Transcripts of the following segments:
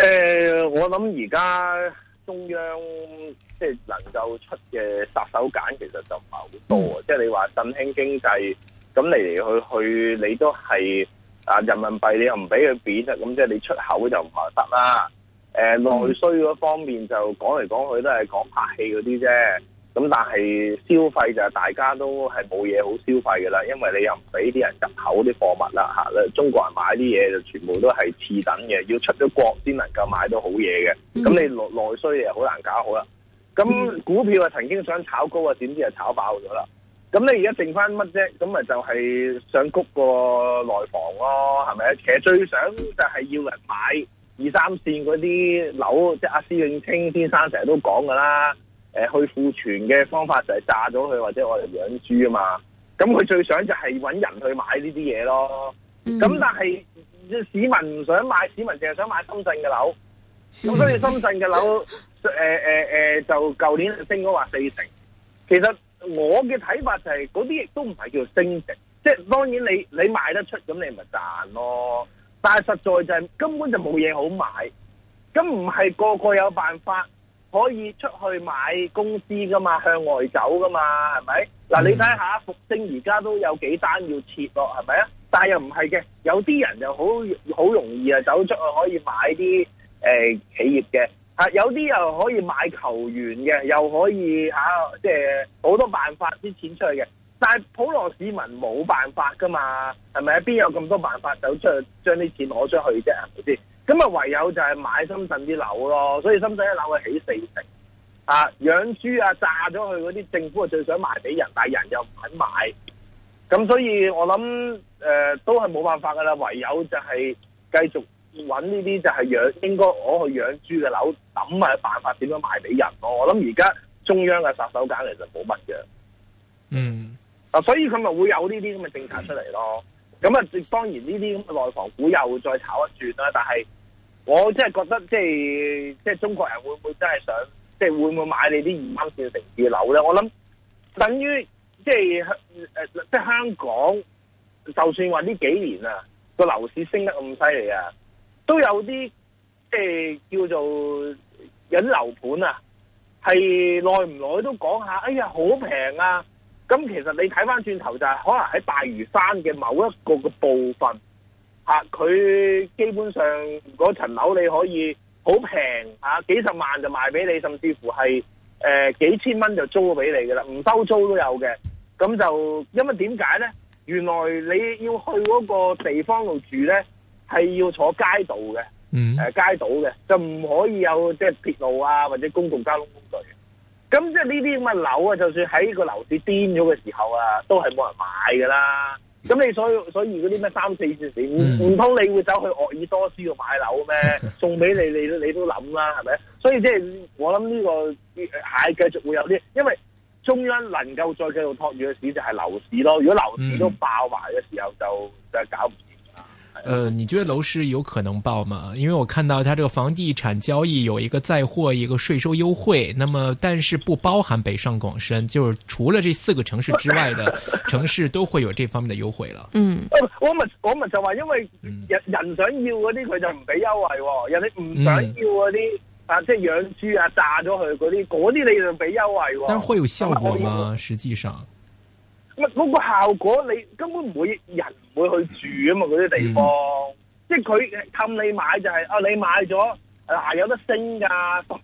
誒、呃，我諗而家中央即係能夠出嘅殺手鐧，其實就唔係好多、嗯、即係你話振興經濟，咁嚟嚟去去，你都係啊人民幣，你又唔俾佢貶得咁，即係你出口就唔係得啦。誒、呃，內、嗯、需嗰方面就講嚟講去都係講拍戲嗰啲啫。咁但係消費就大家都係冇嘢好消費㗎啦，因為你又唔俾啲人入口啲貨物啦吓，中國人買啲嘢就全部都係次等嘅，要出咗國先能夠買到好嘢嘅。咁你內內需就好難搞好啦。咁股票啊曾經想炒高啊，點知啊炒爆咗啦。咁你而家剩翻乜啫？咁咪就係想谷個內房咯，係咪？其實最想就係要人買二三線嗰啲樓，即係阿施永清先生成日都講噶啦。誒，去庫存嘅方法就係炸咗佢，或者我哋養豬啊嘛。咁佢最想就係搵人去買呢啲嘢咯。咁、嗯、但係市民唔想買，市民淨係想買深圳嘅樓。咁所以深圳嘅樓誒誒誒，就舊年升咗話四成。其實我嘅睇法就係嗰啲亦都唔係叫升值。即、就、係、是、當然你你賣得出，咁你咪賺咯。但係實在就係、根本就冇嘢好買。咁唔係個個有辦法。可以出去買公司㗎嘛，向外走㗎嘛，係咪？嗱、mm -hmm. 啊，你睇下復星而家都有幾單要切落，係咪啊？但又唔係嘅，有啲人就好好容易啊，走出去可以買啲誒、呃、企業嘅，嚇、啊、有啲又可以買球員嘅，又可以嚇即係好多辦法啲錢出去嘅。但係普羅市民冇辦法㗎嘛，係咪啊？邊有咁多辦法走出去將啲錢攞出去啫？係咪先？咁啊，唯有就係買深圳啲樓咯，所以深圳一樓佢起四成，啊養豬啊炸咗佢嗰啲政府啊最想賣俾人，但係人又唔肯買，咁所以我諗誒、呃、都係冇辦法噶啦，唯有就係繼續搵呢啲就係養，應該我去養豬嘅樓諗下辦法點樣賣俾人咯。我諗而家中央嘅殺手鐧其實冇乜嘅，嗯啊，所以佢咪會有呢啲咁嘅政策出嚟咯。咁啊，當然呢啲咁嘅內房股又再炒一轉啦。但係我真係覺得，即係即係中國人會唔會真係想，即係會唔會買你啲二三線城市嘅地產樓咧？我諗等於即係香誒，即係香港，就算話呢幾年啊個樓市升得咁犀利啊，都有啲即係叫做有啲樓盤啊，係耐唔耐都講下，哎呀好平啊！咁其實你睇翻轉頭就係、是、可能喺大嶼山嘅某一個嘅部分嚇，佢、啊、基本上嗰層樓你可以好平嚇，幾十萬就賣俾你，甚至乎係誒、呃、幾千蚊就租咗俾你噶啦，唔收租都有嘅。咁就因為點解咧？原來你要去嗰個地方度住咧，係要坐街道嘅，誒、嗯啊、街道嘅，就唔可以有即係、就是、鐵路啊或者公共交通。咁即係呢啲咁嘅樓啊，就算喺個樓市癲咗嘅時候啊，都係冇人買噶啦。咁你所以所以嗰啲咩三四線，唔唔通你會走去鄂爾多斯度買樓咩？送俾你你你都諗啦，係咪？所以即係我諗呢、呢個係、呃、繼續會有啲，因為中央能夠再繼續托住嘅市就係樓市咯。如果樓市都爆埋嘅時候就，就就搞唔。呃，你覺得樓市有可能爆嗎？因為我看到它這個房地產交易有一個載貨，一個稅收優惠。那麼，但是不包含北上廣深，就是除了這四個城市之外的城市都會有這方面的優惠了。嗯，我咪我咪就話，因為人人想要嗰啲，佢就唔俾優惠；人哋唔想要嗰啲，啊，即係養豬啊、炸咗佢嗰啲，嗰啲你就俾優惠。但是會有效果嗎？實際上？唔係嗰個效果，你根本唔會人唔會去住啊嘛！嗰啲地方，嗯、即係佢氹你買就係、是、啊！你買咗、啊、有得升㗎，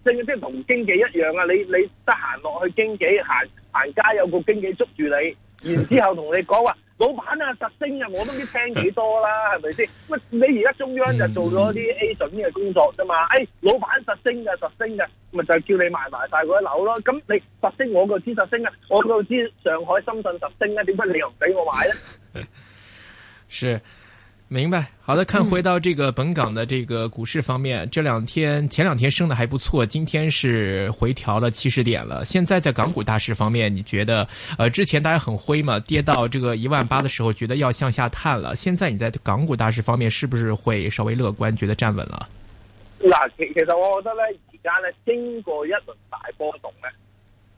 升即係同經紀一樣啊！你你得閒落去經紀行行街，有個經紀捉住你，然後之後同你講話。 老闆啊，實升啊，我都唔知聽幾多啦，係咪先？喂，你而家中央就做咗啲 A 準嘅工作啫嘛？哎，老闆實升嘅，實升嘅，咪就叫你賣埋晒嗰啲樓咯。咁你實升，我個知實升啊，我個知上海、深圳實升啊，點解你又唔俾我買咧？是。明白，好的，看回到這個本港的這個股市方面，嗯、這兩天前兩天升得還不錯，今天是回調了七十點了。現在在港股大市方面，你覺得呃，之前大家很灰嘛，跌到這個一萬八的時候，覺得要向下探了。現在你在港股大市方面，是不是會稍微樂觀，覺得站穩了？嗱，其其實我覺得呢，而家咧經過一輪大波動呢，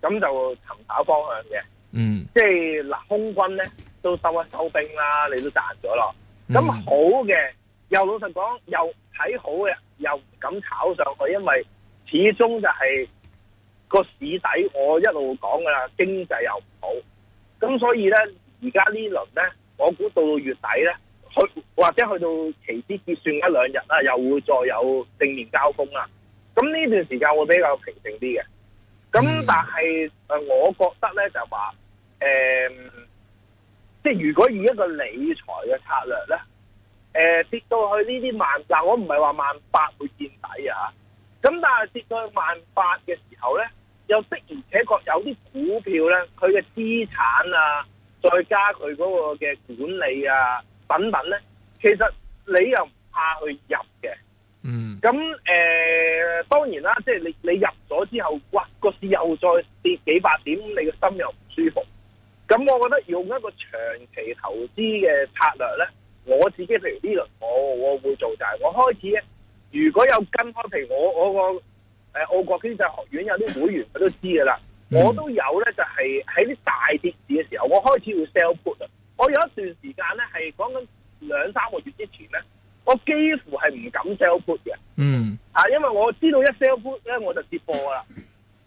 咁就尋找方向嘅，嗯，即係嗱，空軍呢，都收一收兵啦，你都賺咗咯。咁、嗯、好嘅，又老實講，又睇好嘅，又唔敢炒上去，因為始終就係個市底，我一路講噶啦，經濟又唔好，咁所以咧，而家呢輪咧，我估到到月底咧，去或者去到期指結算一兩日啦，又會再有正面交鋒啦。咁呢段時間會比較平靜啲嘅。咁但係，誒，我覺得咧就話，誒、欸。即係如果以一個理財嘅策略咧，誒、呃、跌到去呢啲萬，嗱我唔係話萬八會見底啊，咁但係跌到去萬八嘅時候咧，又的而且確有啲股票咧，佢嘅資產啊，再加佢嗰個嘅管理啊等等咧，其實你又唔怕去入嘅，嗯，咁誒、呃、當然啦，即係你你入咗之後，哇個市又再跌幾百點，你個心又唔舒服。咁我覺得用一個長期投資嘅策略咧，我自己譬如呢輪我我會做就係我開始咧，如果有跟開譬如我我個誒澳國經濟學院有啲會員佢都知噶啦、嗯，我都有咧，就係喺啲大跌市嘅時候，我開始會 sell put 啊！我有一段時間咧係講緊兩三個月之前咧，我幾乎係唔敢 sell put 嘅，嗯，啊，因為我知道一 sell put 咧我就接貨喇。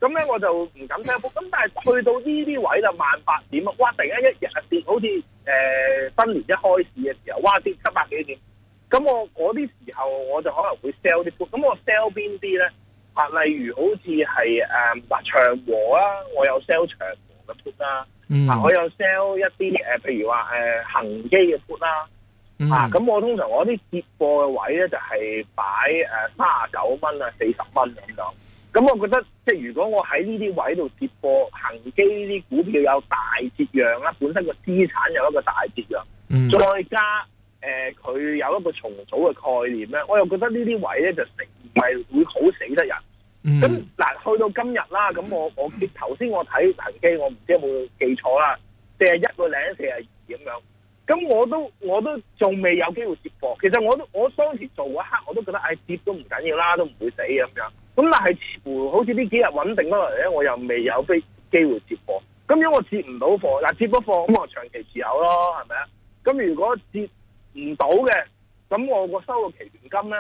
咁咧我就唔敢 sell，咁但係去到呢啲位就萬八點啊！哇，突然間一日跌，好似誒、呃、新年一開始嘅時候，哇跌七百幾點。咁我嗰啲時候我就可能會 sell 啲 put，咁我 sell 邊啲咧？啊，例如好似係誒長和啊，我有 sell 長和嘅 put 啦。嗯、mm.。啊，我有 sell 一啲誒，譬、呃、如話誒恒基嘅 put 啦。啊，咁、mm. 啊、我通常我啲接貨嘅位咧就係擺誒卅九蚊啊，四十蚊咁樣。咁我覺得，即係如果我喺呢啲位度跌過，恒基呢啲股票有大跌揚啦，本身個資產有一個大跌揚，再加誒佢、呃、有一個重組嘅概念咧，我又覺得呢啲位咧就成唔係會好死得人。咁、嗯、嗱，去到今日啦，咁我我頭先我睇恒基，我唔知沒有冇記錯啦，四係一個零四啊二咁樣。咁我都我都仲未有機會接貨，其實我都我當時做嗰刻我都覺得唉跌，哎、都唔緊要啦，都唔會死咁樣。咁但係似乎好似呢幾日穩定咗嚟咧，我又未有非機會接貨。咁因為我接唔到貨，嗱接咗貨，咁我長期持有咯，係咪啊？咁如果接唔到嘅，咁我個收個期權金咧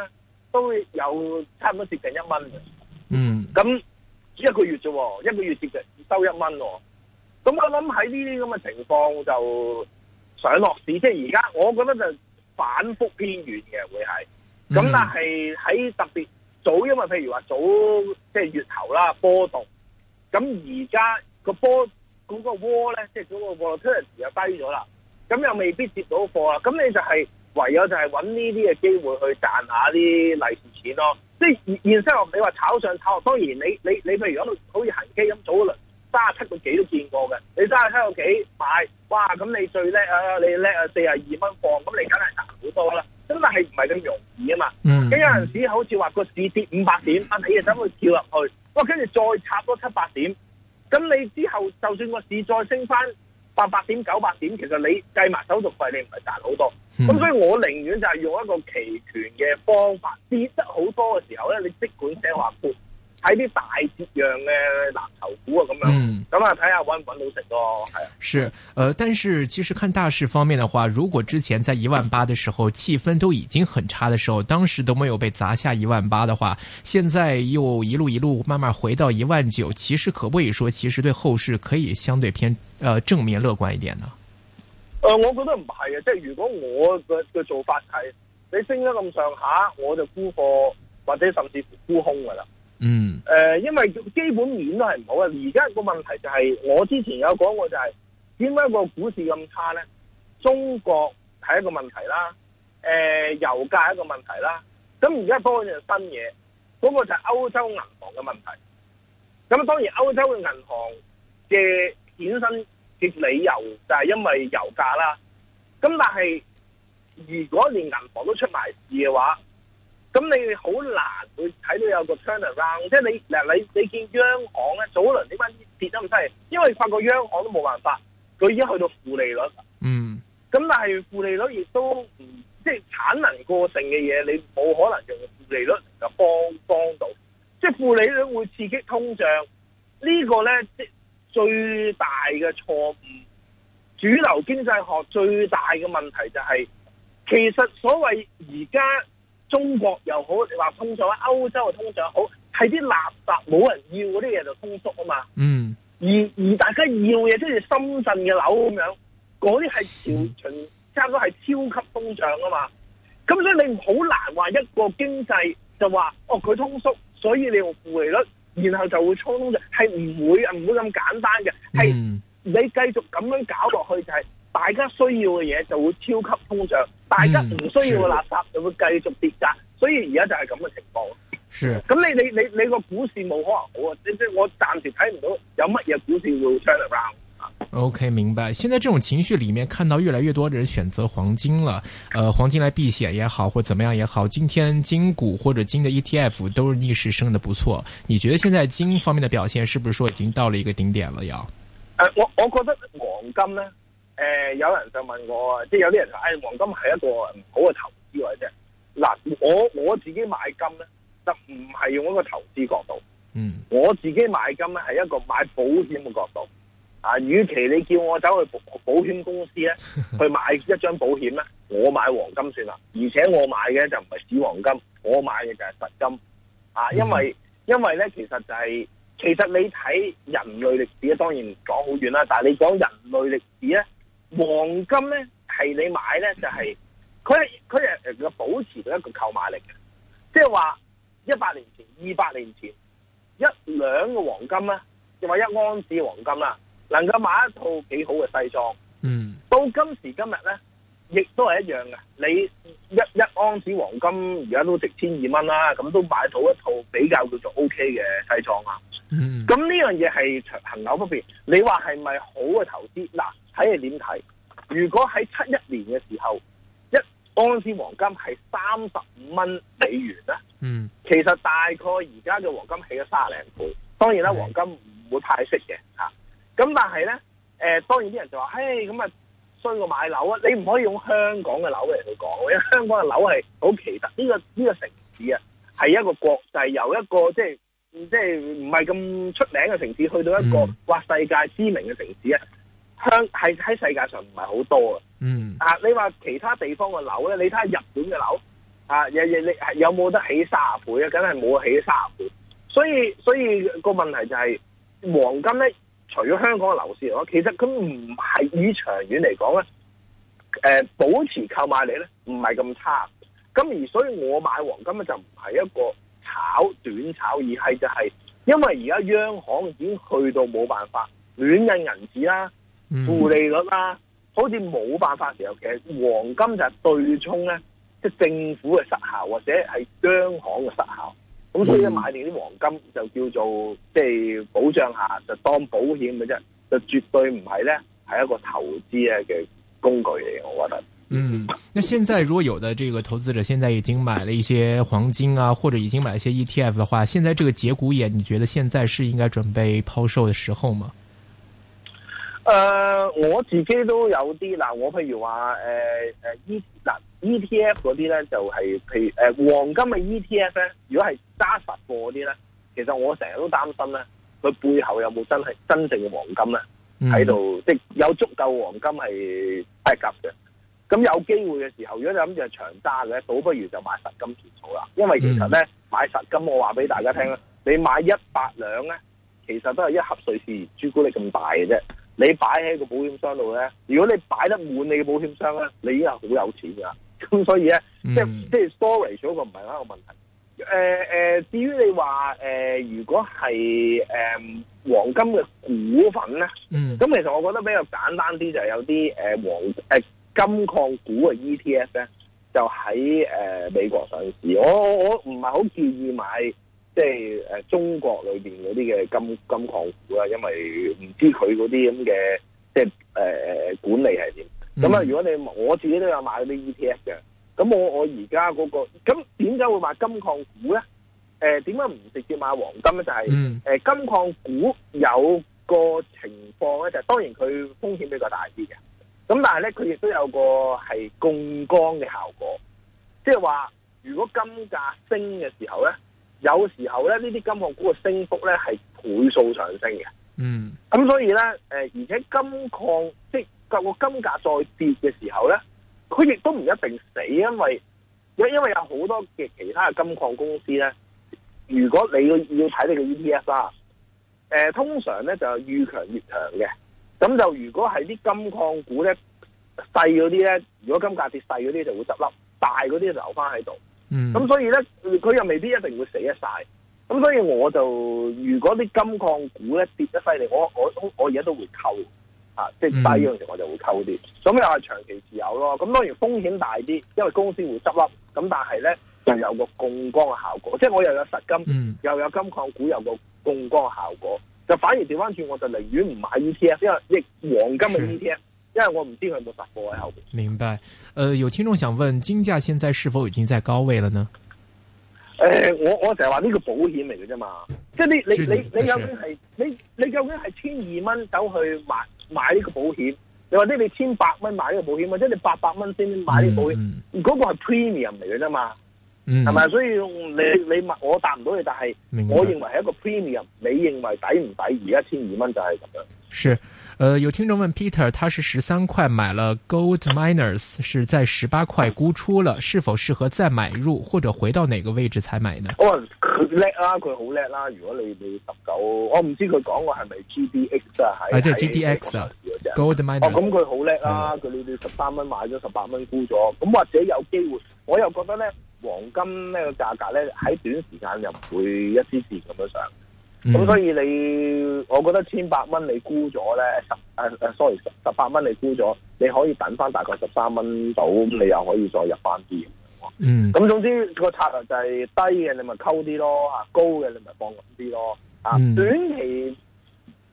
都有差唔多接近一蚊。嗯，咁一個月啫，一個月接近收一蚊。咁我諗喺呢啲咁嘅情況就。上落市即係而家，我覺得就反覆偏軟嘅會係，咁但係喺特別早，因為譬如話早即係、就是、月頭啦波動，咁而家個波嗰、嗰個窩咧，即係嗰個 volatility 又低咗啦，咁又未必接到貨啊，咁你就係唯有就係揾呢啲嘅機會去賺一下啲利是錢咯，即係現現實你話炒上炒上，當然你你你譬如一路可以行機咁早一輪卅七個幾都見過嘅，你卅喺度幾買，哇！咁你最叻啊，你叻啊四廿二蚊放，咁你梗係賺好多啦。真但係唔係咁容易啊嘛。咁、嗯、有陣時好似話個市跌五百點，你又等佢跳入去，哇！跟住再插多七百點，咁你之後就算個市再升翻八百點九百點，其實你計埋手續費，你唔係賺好多。咁、嗯、所以我寧願就係用一個期權嘅方法，跌得好多嘅時候咧，你即管寫話睇啲大折讓嘅藍籌股啊，咁、嗯、樣咁啊，睇下揾唔揾到食咯，係啊。是，呃，但是其實看大勢方面的話，如果之前在一萬八的時候氣氛都已經很差的時候，當時都沒有被砸下一萬八的話，現在又一路一路慢慢回到一萬九，其實可不可以說，其實對後市可以相對偏，呃，正面樂觀一點呢？誒、呃，我覺得唔係啊，即係如果我嘅嘅做法係你升得咁上下，我就沽貨或者甚至沽空噶啦。嗯，誒、呃，因為基本面都係唔好啊。而家個問題就係、是，我之前有講過就係、是，點解個股市咁差咧？中國係一個問題啦，誒、呃，油價一個問題啦。咁而家多咗樣新嘢，嗰、那個就係歐洲銀行嘅問題。咁當然，歐洲嘅銀行嘅衍生嘅理由就係因為油價啦。咁但係，如果連銀行都出埋事嘅話，咁你好難會睇到有個 turnaround 即係你嗱你你,你見央行咧，早輪點解跌得咁犀利？因為發覺央行都冇辦法，佢已經去到負利率，嗯，咁但係負利率亦都唔即係產能過剩嘅嘢，你冇可能用負利率咁幫幫到，即係負利率會刺激通脹、這個、呢個咧，最大嘅錯誤，主流經濟學最大嘅問題就係、是，其實所謂而家。中國又好，你話通脹，歐洲嘅通脹好，係啲垃圾冇人要嗰啲嘢就通縮啊嘛。嗯。而而大家要嘢，即係深圳嘅樓咁樣，嗰啲係潮循，差唔多係超級通脹啊嘛。咁、嗯、所以你好難話一個經濟就話哦佢通縮，所以你用負利率然後就會通脹，係唔會啊，唔會咁簡單嘅，係你繼續咁樣搞落去就係、是。大家需要嘅嘢就會超級通脹，大家唔需要嘅垃圾就會繼續跌價。嗯，所以而家就係咁嘅情況。咁你你你你個股市冇可能好啊，即即我暫時睇唔到有乜嘢股市會 turn around。OK，明白。現在這種情緒裏面，看到越來越多的人選擇黃金了，呃，黃金來避險也好，或怎麼樣也好，今天金股或者金嘅 E T F 都是逆市升得不錯。你覺得現在金方面的表現，是不是說已經到了一個頂點了？要？呃，我我覺得黃金呢。誒、呃，有人就問我啊，即係有啲人就誒、哎，黃金係一個唔好嘅投資或啫。嗱，我我自己買金咧，就唔係用一個投資角度。嗯，我自己買金咧係一個買保險嘅角度。啊，與其你叫我走去保保險公司咧去買一張保險咧，我買黃金算啦。而且我買嘅就唔係紙黃金，我買嘅就係實金。啊，因為、嗯、因為咧，其實就係、是、其實你睇人類歷史咧，當然講好遠啦。但係你講人類歷史咧。黃金咧係你買咧就係佢係佢係誒個保持到一個購買力嘅，即係話一百年前、二百年前一兩個黃金咧，就話一盎司黃金啦，能夠買一套幾好嘅西裝。嗯，到今時今日咧，亦都係一樣嘅。你一一盎司黃金而家都值千二蚊啦，咁都買到一套比較叫做 OK 嘅西裝啊。嗯這，咁呢樣嘢係長恆久方面，你話係咪好嘅投資嗱？睇你點睇？如果喺七一年嘅時候，一盎司黃金係三十五蚊美元咧，嗯，其實大概而家嘅黃金起咗三十零倍。當然啦，黃金唔會派息嘅嚇。咁、啊、但係咧，誒、呃、當然啲人就話：，誒咁啊，衰過買樓啊！你唔可以用香港嘅樓嚟去講，因為香港嘅樓係好奇特。呢、這個呢、這個城市啊，係一個國際由一個即係即係唔係咁出名嘅城市，去到一個哇、嗯、世界知名嘅城市啊！香係喺世界上唔係好多嘅，嗯啊，你話其他地方嘅樓咧，你睇下日本嘅樓啊，有有你係有冇得起卅倍啊？梗係冇起卅倍，所以所以個問題就係、是、黃金咧，除咗香港嘅樓市嚟講，其實佢唔係以長遠嚟講咧，誒、呃、保持購買力咧唔係咁差，咁而所以我買黃金咧就唔係一個炒短炒，而係就係、是、因為而家央行已經去到冇辦法亂印銀紙啦。負、嗯、利率啦，好似冇辦法嘅時候，其實黃金就係對沖咧，即係政府嘅失效或者係央行嘅失效。咁、嗯、所以買定啲黃金就叫做即係保障下，就當保險嘅啫，就絕對唔係咧係一個投資嘅工具嚟。我覺得，嗯，那現在如果有的這個投資者現在已經買了一些黃金啊，或者已經買了一些 ETF 的話，現在這個節骨眼，你覺得現在是應該準備拋售的時候嗎？誒、呃，我自己都有啲嗱、呃，我譬如話誒誒 E 嗱 E T F 嗰啲咧，就係、是、譬如誒、呃、黃金嘅 E T F 咧，如果係揸實貨嗰啲咧，其實我成日都擔心咧，佢背後有冇真係真正嘅黃金咧？喺、嗯、度即係有足夠黃金係係 back up 嘅。咁有機會嘅時候，如果你諗住係長揸嘅咧，倒不如就買實金件好啦。因為其實咧買實金，我話俾大家聽啦、嗯，你買一百兩咧，其實都係一盒瑞士朱古力咁大嘅啫。你擺喺個保險箱度咧，如果你擺得滿你嘅保險箱咧，你已經係好有錢㗎。咁 所以咧、嗯，即係即係 storage 嗰個唔係一個問題。誒、呃、誒、呃，至於你話誒、呃，如果係誒、呃、黃金嘅股份咧，咁、嗯、其實我覺得比較簡單啲就係有啲誒黃誒金礦股嘅 ETF 咧，就喺、是、誒、呃呃呃、美國上市。我我唔係好建議買即係誒、呃、中國裏邊嗰啲嘅金金礦股啦，因為。知佢嗰啲咁嘅，即係誒管理係點？咁、嗯、啊，如果你我自己都有買啲 ETF 嘅，咁我我而家嗰個咁點解會買金礦股咧？誒、呃，點解唔直接買黃金咧？就係、是、誒、嗯呃、金礦股有個情況咧，就是，當然佢風險比較大啲嘅，咁但係咧佢亦都有個係槓桿嘅效果，即係話如果金價升嘅時候咧，有時候咧呢啲金礦股嘅升幅咧係倍數上升嘅。嗯，咁所以咧，誒，而且金礦即係個金價再跌嘅時候咧，佢亦都唔一定死，因為因為有好多嘅其他嘅金礦公司咧，如果你要要睇你嘅 E P S 啦、啊，誒、呃，通常咧就越強越強嘅，咁就如果係啲金礦股咧細嗰啲咧，如果金價跌細嗰啲就會執笠，大嗰啲留翻喺度，咁、嗯、所以咧佢又未必一定會死一晒。咁所以我就如果啲金礦股咧跌得犀利，我我我而家都會溝，啊，即係低嗰陣時我就會溝啲，咁又係長期持有咯。咁當然風險大啲，因為公司會執笠，咁但係咧、嗯、就有個槓桿嘅效果，即係我又有實金，嗯、又有金礦股，有個槓桿嘅效果，就反而調返轉我就寧願唔買 E T F，因為即黃金嘅 E T F，因為我唔知佢有冇突破喺後邊。明白。誒、呃，有聽眾想問，金價現在是否已經在高位了呢？我我成日話呢個保險嚟嘅啫嘛，即係你你你你究竟係你你究竟係千二蚊走去買買呢個保險，你或者你千百蚊買呢個保險，或者你八百蚊先買呢個保險，嗰個係 premium 嚟嘅啫嘛，嗯，係咪？所以你你我答唔到你，但係我認為係一個 premium，你認為抵唔抵？而家千二蚊就係咁樣。是。誒、呃，有聽眾問 Peter，他是十三塊買了 Gold Miners，是在十八塊沽出了，是否適合再買入，或者回到哪個位置才買呢？我佢叻啦，佢好叻啦。如果你你十九，我唔知佢講話係咪 GDX 啊，係。即係 GDX 啊，Gold Miners、哦。咁佢好叻啦，佢、嗯、你你十三蚊買咗十八蚊沽咗，咁或者有機會，我又覺得咧，黃金呢個價格咧喺短時間又唔會一啲啲咁樣上。咁、嗯、所以你，我覺得千八蚊你沽咗咧，十誒誒，sorry，十十八蚊你沽咗，你可以等翻大概十三蚊到，咁、嗯、你又可以再入翻啲。嗯。咁總之、那個策略就係、是、低嘅你咪溝啲咯，高嘅你咪放啲咯，啊、嗯、短期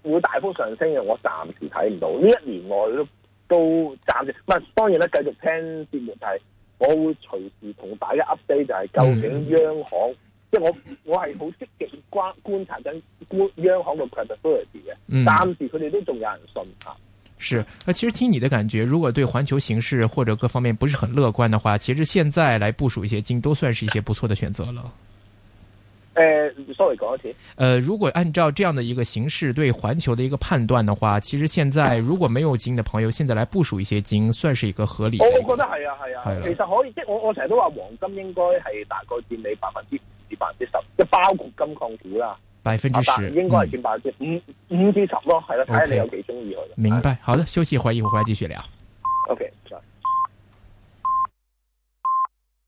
會大幅上升嘅，我暫時睇唔到。呢一年內都都暫時，唔係當然咧，繼續聽節目就係我會隨時同大家 update，就係究竟央行、嗯。央行即係我我係好積極觀觀察緊央行嘅 credibility 嘅，暫時佢哋都仲有人信吓。嗯。是啊，其實聽你的感覺，如果對環球形勢或者各方面不是很樂觀的話，其實現在來部署一些金都算是一些不錯的選擇了。誒、呃，sorry 講多次。誒、呃，如果按照這樣的一個形式對環球的一個判斷的話，其實現在如果沒有金的朋友，現在來部署一些金，算是一個合理的個。我我覺得係啊係啊，其實可以，即係我我成日都話黃金應該係大概佔你百分之。百分之十，即包括金礦股啦。百分之十，應該係佔百分之五五至十咯，係啦。睇下、okay, 你有幾中意佢。明白、啊，好的，休息一會，一會我哋返嚟繼續聊。OK。